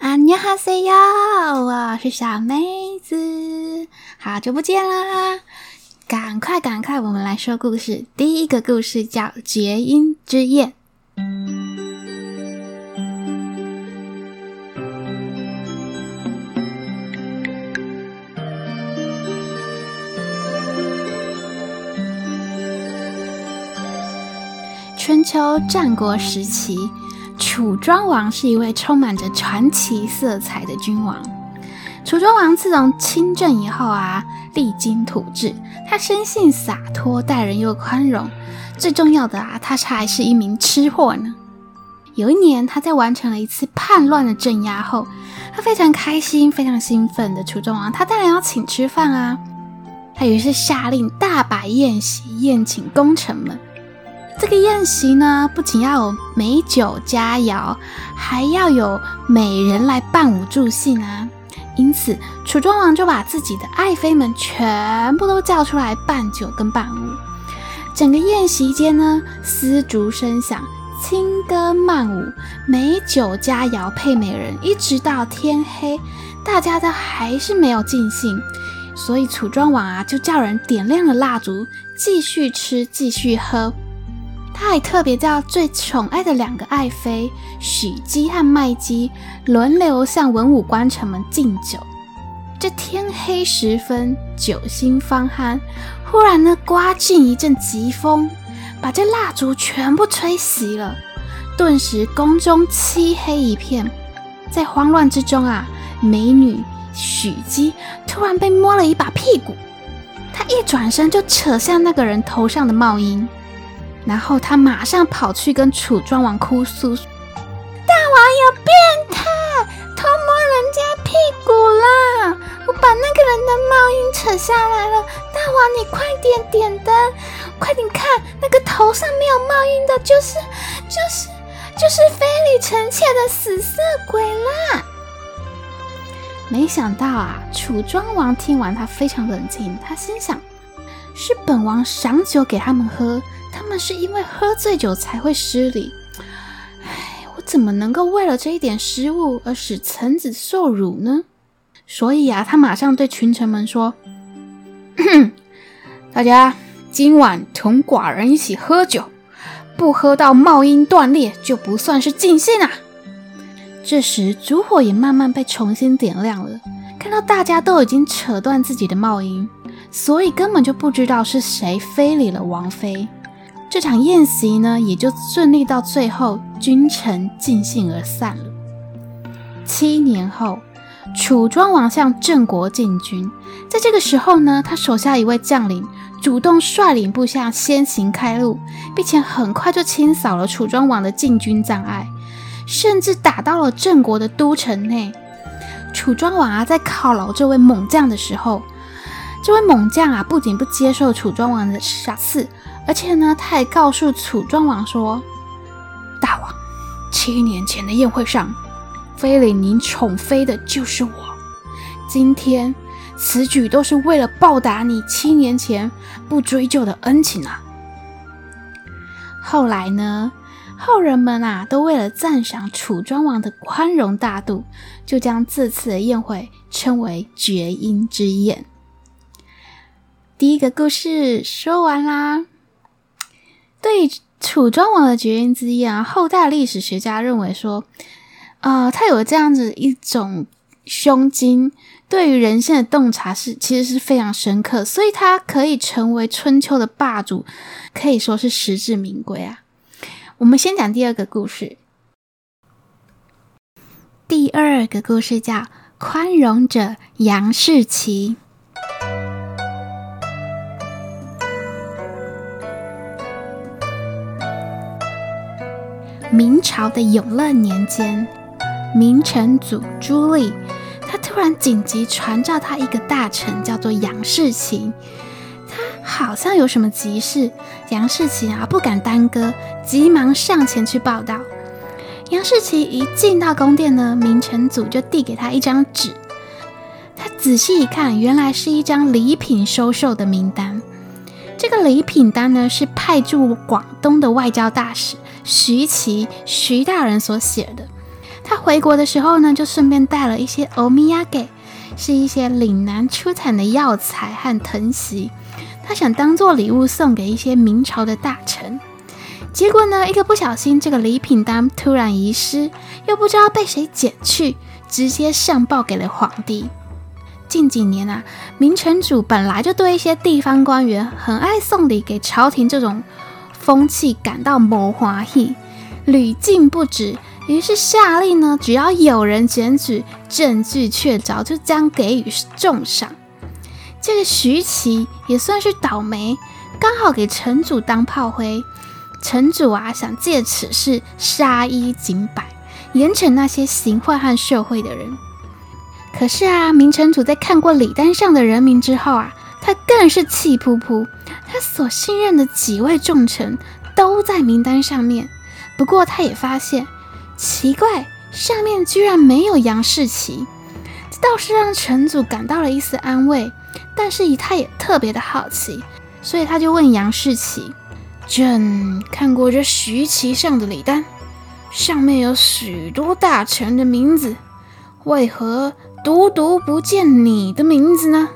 啊，你好 c i 我是小妹子，好久不見啦！趕快，趕快，我們來說故事。第一個故事叫《絕音之夜》。春秋戰國時期。楚莊王是一位充滿着傳奇色彩的君王。楚莊王自從親政以後啊，勵精圖治。他生性灑脫，待人又寬容。最重要的啊，他還是一名吃貨呢。有一年，他在完成了一次叛亂的鎮壓後，他非常開心、非常興奮的楚莊王，他當然要請吃飯啊。他於是下令大擺宴席，宴請功臣們。這個宴席呢，不僅要有美酒佳餚，還要有美人來伴舞助興啊。因此，楚莊王就把自己的愛妃們全部都叫出來伴酒跟伴舞。整個宴席間呢，絲竹聲響，輕歌曼舞，美酒佳餚配美人，一直到天黑，大家都還是沒有盡興。所以，楚莊王啊，就叫人點亮了蠟燭，繼續吃，繼續喝。他還特別叫最寵愛的兩個愛妃許姬和麥姬輪流向文武官臣們敬酒。這天黑時分，酒興方酣，忽然呢，颳進一陣疾風，把這蠟燭全部吹熄了。頓時宮中漆黑一片。在慌亂之中啊，美女許姬突然被摸了一把屁股，她一轉身就扯下那個人頭上的帽纓。然後他馬上跑去跟楚莊王哭訴：“大王有變態，偷摸人家屁股啦！我把那個人的帽纓扯下來了。大王，你快點點燈，快點看，那個頭上沒有帽纓的，就是，就是就是就是非禮臣妾的死色鬼啦！”沒想到啊，楚莊王聽完，他非常冷靜，他心想。是本王賞酒給他們喝，他們是因為喝醉酒才會失禮。唉，我怎麼能夠為了這一點失誤而使臣子受辱呢？所以啊，他馬上對群臣們說：“ 大家今晚同寡人一起喝酒，不喝到帽纓斷裂就不算是盡興啊！”這時，燭火也慢慢被重新點亮了。看到大家都已經扯斷自己的帽纓。所以根本就不知道是誰非禮了王妃，這場宴席呢，也就順利到最後，君臣盡興而散了。七年後，楚莊王向鄭國進軍，在這個時候呢，他手下一位將領主動率領部下先行開路，並且很快就清掃了楚莊王的進軍障礙，甚至打到了鄭國的都城內。楚莊王啊，在犒勞這位猛將的時候。這位猛將啊，不僅不接受楚莊王的賞賜，而且呢，他還告訴楚莊王說：“大王，七年前的宴會上，非禮您寵妃的就是我。今天此舉都是為了報答你七年前不追究的恩情啊。”後來呢，後人們啊，都為了讚賞楚莊王的寬容大度，就將這次的宴會稱為“絕纓之宴”。第一個故事說完啦。對於楚莊王的絕纓之宴啊，後代歷史學家認為說，啊、呃，他有這樣子一種胸襟，對於人性的洞察是其實是非常深刻，所以他可以成為春秋的霸主，可以說是實至名歸啊。我們先講第二個故事。第二個故事叫寬容者楊士奇。明朝的永樂年間，明成祖朱棣，他突然緊急傳召他一個大臣，叫做楊士奇，他好像有什麼急事。楊士奇啊，不敢耽擱，急忙上前去報到。楊士奇一進到宮殿呢，明成祖就遞給他一張紙。他仔細一看，原來是一張禮品收受的名單。這個禮品單呢，是派駐廣東的外交大使徐奇徐大人所寫的，他回國的時候呢，就順便帶了一些歐米亞給，是一些嶺南出產的藥材和藤席，他想當做禮物送給一些明朝的大臣。結果呢，一個不小心，這個禮品單突然遺失，又不知道被誰撿去，直接上報給了皇帝。近幾年啊，明成祖本來就對一些地方官員很愛送禮給朝廷這種。風氣感到謀劃意屢禁不止，於是下令呢，只要有人檢舉，證據確鑿，就將給予重賞。這個徐奇也算是倒霉，剛好給成祖當炮灰。成祖啊，想借此事殺一儆百，嚴懲那些行賄和受賄的人。可是啊，明成祖在看過禮單上的人名之後啊，他更是氣撲撲。他所信任的幾位重臣都在名單上面，不過他也發現奇怪，上面居然沒有楊士奇，這倒是讓成祖感到了一絲安慰。但是以他也特別的好奇，所以他就問楊士奇：“朕看過這徐奇上的禮單，上面有許多大臣的名字，為何獨獨不見你的名字呢？”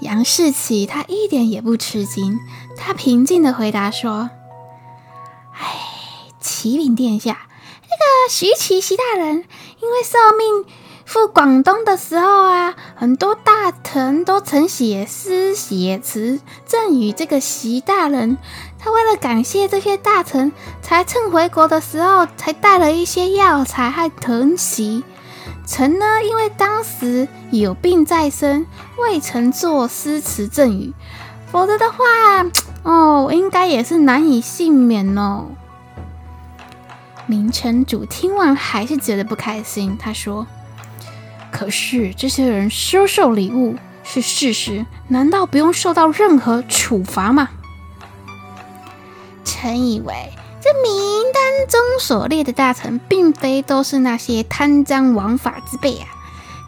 楊士奇他一點也不吃驚，他平靜地回答說：“唉，啟稟殿下，那個徐琦徐大人，因為受命赴廣東的時候啊，很多大臣都曾寫詩寫詞贈與這個徐大人。他為了感謝這些大臣，才趁回國的時候，才帶了一些藥材和藤蓆。”臣呢，因為當時有病在身，未曾作詩詞贈予，否則的話，哦，應該也是難以幸免哦。明成祖聽完還是覺得不開心，他說：“可是這些人收受禮物是事實，難道不用受到任何處罰嗎？”臣以為，這明中所列的大臣，並非都是那些貪贓枉法之輩啊！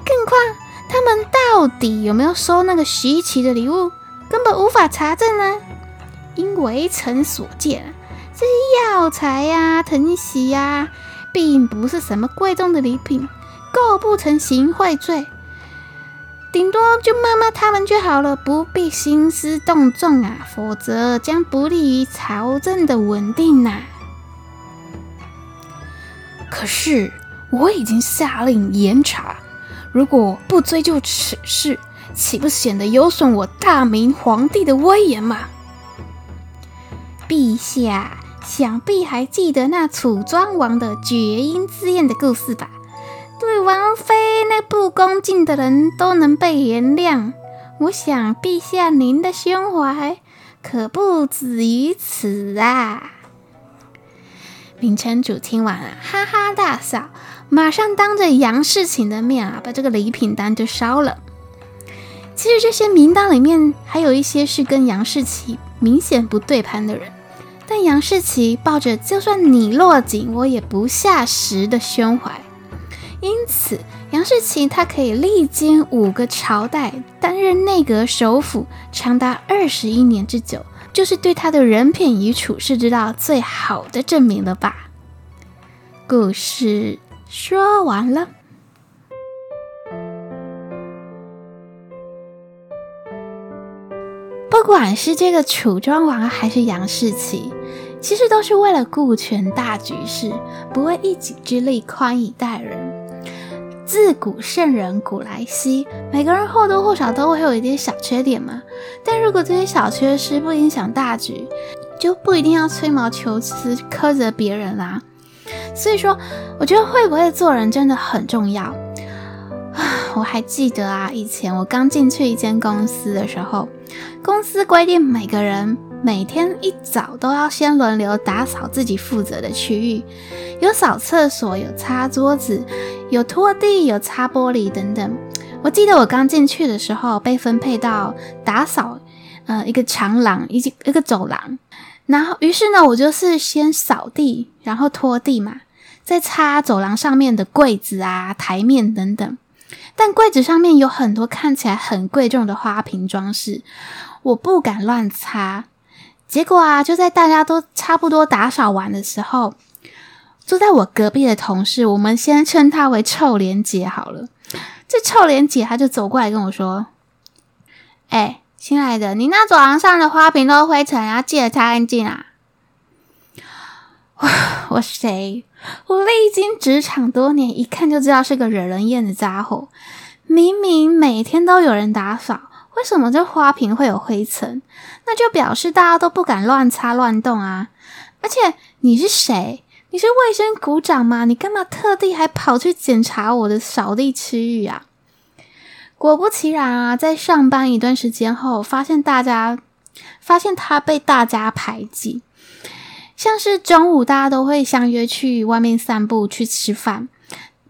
更況他們到底有沒有收那個稀奇的禮物，根本無法查證呢、啊。因為臣所見，這藥材呀、啊、藤蓆呀、啊，並不是什麼貴重的禮品，構不成行賄罪。頂多就罵罵他們就好了，不必興師動眾啊，否則將不利於朝政的穩定啊。可是我已經下令嚴查，如果不追究此事，豈不顯得有損我大明皇帝的威嚴嗎？陛下，想必還記得那楚莊王的絕纓之宴的故事吧？對王妃那不恭敬的人都能被原諒，我想陛下您的胸懷可不止於此啊！明成祖，聽完啊，哈哈大笑，馬上當着楊士奇的面啊，把這個禮品單就燒了。其實這些名單裡面還有一些是跟楊士奇明顯不對盤的人，但楊士奇抱着就算你落井，我也不下石的胸懷，因此楊士奇他可以歷經五個朝代，擔任內閣首輔，長達二十一年之久。就是對他的人品與處事之道最好的證明了吧？故事說完了。不管是這個楚莊王還是楊士奇，其實都是為了顧全大局勢，不為一己之利寬以待人。自古聖人古來稀，每個人或多或少都會有一點小缺點嘛。但如果這些小缺失不影響大局，就不一定要吹毛求疵、苛責別人啦、啊。所以說，我覺得會不會做人真的很重要。我還記得啊，以前我剛進去一間公司的時候，公司規定每個人，每天一早都要先輪流打掃自己負責的區域，有掃廁所，有擦桌子，有拖地，有擦玻璃等等。我記得我剛進去的時候被分配到打掃，呃，一個長廊，一一個走廊。然後，於是呢，我就是先掃地，然後拖地嘛，再擦走廊上面的櫃子啊、台面等等。但櫃子上面有很多看起來很貴重的花瓶裝飾，我不敢亂擦。結果啊，就在大家都差不多打掃完的時候，坐在我隔壁的同事，我們先稱她為“臭蓮姐”好了。這臭蓮姐，她就走過來跟我說：“哎、欸，親愛的，你那走廊上的花瓶都灰塵、啊，要記得擦乾淨啊！”我，我誰？我歷經職場多年，一看就知道是個惹人厭的家伙。明明每天都有人打掃，為什麼這花瓶會有灰塵？那就表示大家都不敢亂擦亂動啊！而且你是誰？你是衛生股長嗎？你幹嘛特地還跑去檢查我的掃地區域啊？果不其然啊，在上班一段時間後，發現大家發現他被大家排擠，像是中午大家都會相約去外面散步去吃飯，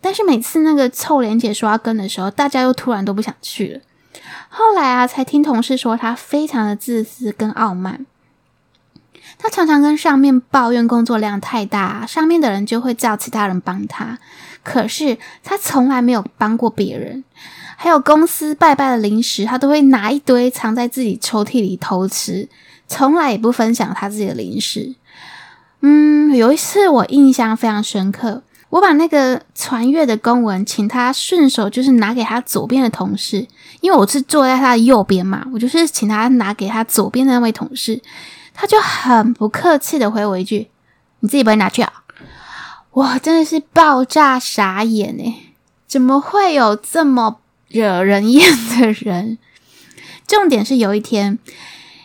但是每次那個臭臉姐說要跟的時候，大家又突然都不想去了。後來啊，才聽同事說，他非常的自私跟傲慢。他常常跟上面抱怨工作量太大，上面的人就會叫其他人幫他，可是他從來沒有幫過別人。還有公司拜拜的零食，他都會拿一堆藏在自己抽屜裡偷吃，從來也不分享他自己的零食。嗯，有一次我印象非常深刻。我把那個傳閱的公文，請他順手就是拿給他左邊的同事，因為我是坐在他的右邊嘛，我就是請他拿給他左邊的那位同事，他就很不客氣的回我一句：“你自己不會拿去啊！”我真的是爆炸傻眼哎，怎麼會有這麼惹人厭的人？重點是有一天，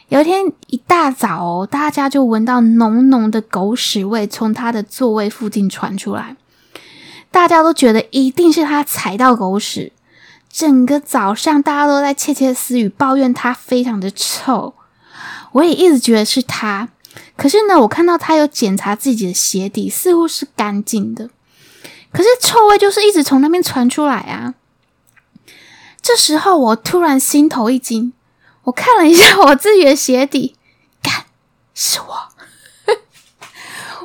有一天一大早哦，大家就聞到濃濃的狗屎味從他的座位附近傳出來。大家都覺得一定是他踩到狗屎，整個早上大家都在竊竊私語，抱怨他非常的臭。我也一直覺得是他，可是呢，我看到他有檢查自己的鞋底，似乎是乾淨的。可是臭味就是一直從那邊傳出來啊。這時候我突然心頭一驚，我看了一下我自己的鞋底，幹，是我。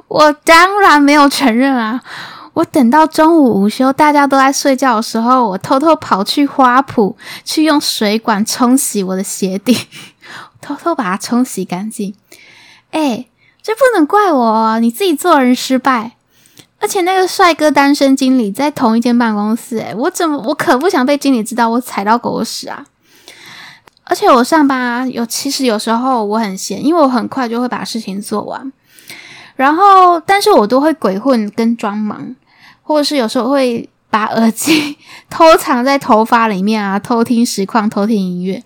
我當然沒有承認啊。我等到中午午休，大家都在睡覺的時候，我偷偷跑去花圃，去用水管沖洗我的鞋底，呵呵，偷偷把它沖洗乾淨。哎，欸，這不能怪我哦，你自己做人失敗。而且那個帥哥單身經理在同一間辦公室，欸，哎，我怎麼我可不想被經理知道我踩到狗屎啊！而且我上班啊，有，其實有時候我很閒，因為我很快就會把事情做完。然後，但是我都會鬼混跟裝忙，或者是有時候會把耳機偷藏在頭髮裡面啊，偷聽實況，偷聽音樂。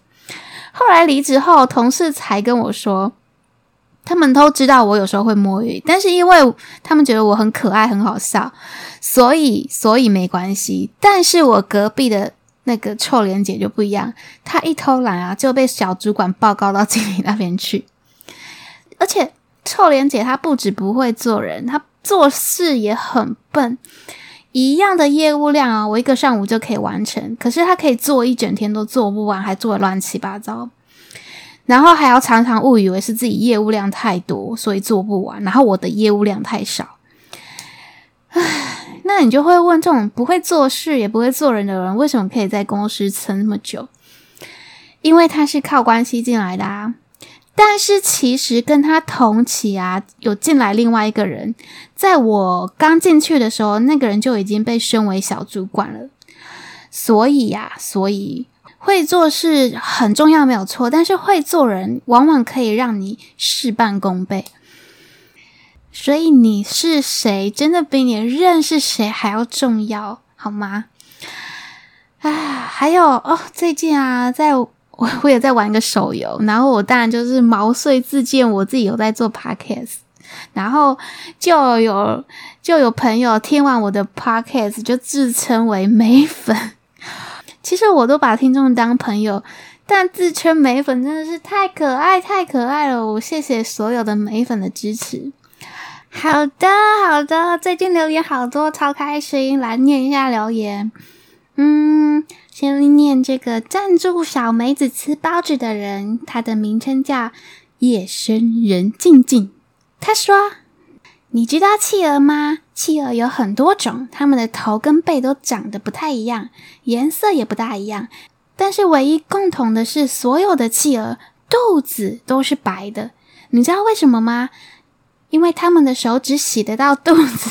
後來離職後，同事才跟我說，他們都知道我有時候會摸魚，但是因為他們覺得我很可愛，很好笑，所以所以沒關係。但是我隔壁的那個臭臉姐就不一樣，她一偷懶啊，就被小主管報告到經理那邊去，而且。臭蓮姐，她不止不會做人，她做事也很笨。一樣的業務量啊，我一個上午就可以完成，可是她可以做一整天都做不完，還做得亂七八糟。然後還要常常誤以為是自己業務量太多，所以做不完，然後我的業務量太少。唉，那你就會問，這種不會做事也不會做人的人，為什麼可以在公司撐那麼久？因為她是靠關係進來的啊。但是其實跟他同期啊，有進來另外一個人，在我剛進去的時候，那個人就已經被升為小主管了。所以呀、啊，所以會做事很重要，沒有錯。但是會做人，往往可以讓你事半功倍。所以你是誰，真的比你認識誰還要重要，好嗎？啊，還有哦，最近啊，在。我我也在玩個手遊，然後我當然就是毛遂自薦，我自己有在做 podcast，然後就有就有朋友聽完我的 podcast 就自稱為梅粉。其實我都把聽眾當朋友，但自稱梅粉真的是太可愛太可愛了，我謝謝所有的梅粉的支持。好的好的，最近留言好多，超開心，來念一下留言，嗯。先念這個贊助小梅子吃包子的人，他的名稱叫夜深人靜靜。他說：“你知道企鵝嗎？企鵝有很多種，它們的頭跟背都長得不太一樣，顏色也不大一樣。但是唯一共同的是，所有的企鵝肚子都是白的。你知道為什麼嗎？因為他們的手只洗得到肚子。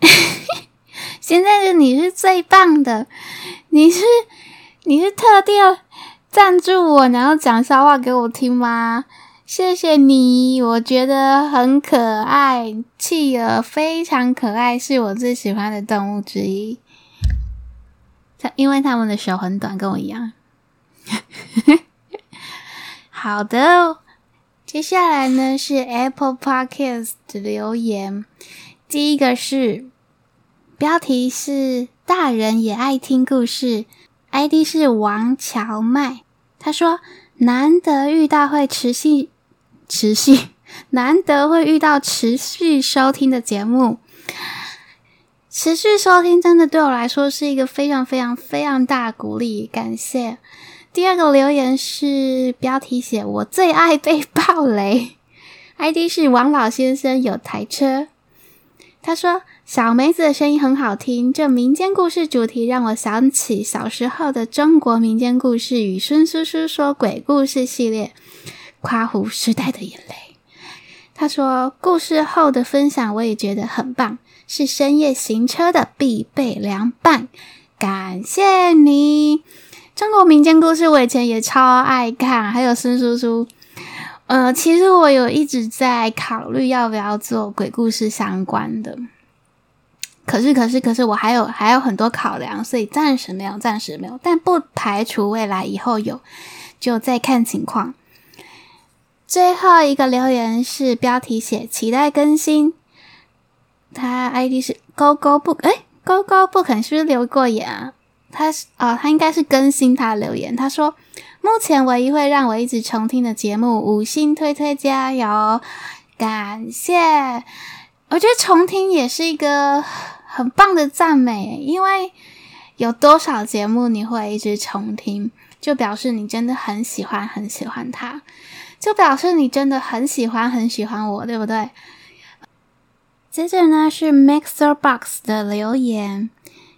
”現在的你是最棒的，你是你是特地要贊助我，然後講笑話給我聽嗎？謝謝你，我覺得很可愛，企鵝非常可愛，是我最喜歡的動物之一。他因為他們的手很短，跟我一樣。 好的，接下來呢，是 Apple Podcast 的留言，第一個是。標題是“大人也愛聽故事 ”，I D 是王蕎麥。他說：“難得遇到會持續持續，難得會遇到持續收聽的節目，持續收聽真的對我來說是一個非常非常非常大的鼓勵，感謝。”第二個留言是標題寫“我最愛被爆雷 ”，I D 是王老先生有台車。他說。小梅子的聲音很好聽，這民間故事主題讓我想起小時候的中國民間故事與孫叔叔說鬼故事系列，夸父時代的眼淚。他說故事後的分享我也覺得很棒，是深夜行車的必備良伴。感謝你，中國民間故事我以前也超愛看，還有孫叔叔。呃，其實我有一直在考慮要不要做鬼故事相關的。可是，可是，可是，我還有還有很多考量，所以暫時沒有，暫時沒有，但不排除未來以後有，就再看情況。最後一個留言是標題寫期待更新，他 ID 是勾勾不？誒、欸、勾勾不肯哎是不是留過言啊？他是哦，他應該是更新他留言，他說目前唯一會讓我一直重聽的節目五星推推加油，感謝，我覺得重聽也是一個。很棒的讚美，因為有多少節目你會一直重聽？就表示你真的很喜歡，很喜歡他，就表示你真的很喜歡，很喜歡我，對不對？接着呢是 Mixerbox 的留言，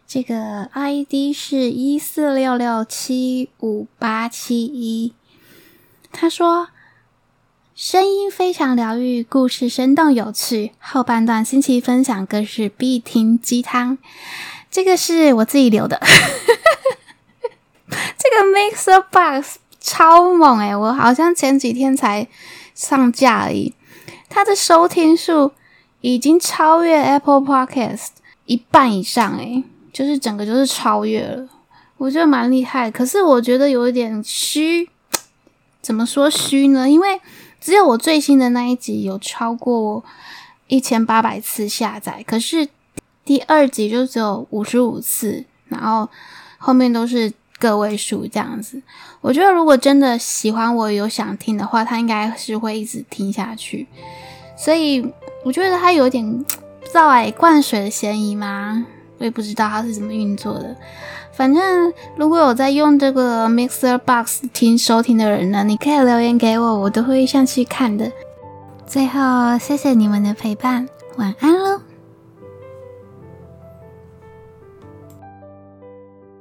這個 ID 是146675871，他說。聲音非常療癒，故事生動有趣。後半段心情分享更是必聽雞湯。這個是我自己留的， 這個 MixerBox 超猛哎、欸！我好像前幾天才上架而已，它的收聽數已經超越 Apple Podcast 一半以上哎、欸，就是整個就是超越了，我覺得蠻厲害。可是我覺得有一點虛，怎麼說虛呢？因為只有我最新的那一集有超過一千八百次下載，可是第二集就只有五十五次，然後後面都是個位數這樣子。我覺得如果真的喜歡我有想聽的話，他應該是會一直聽下去。所以我覺得他有點造哎灌水的嫌疑嗎？我也不知道他是怎麼運作的。反正，如果有在用這個 Mixer Box 聽收聽的人呢，你可以留言給我，我都會上去看的。最後，謝謝你們的陪伴，晚安嘍。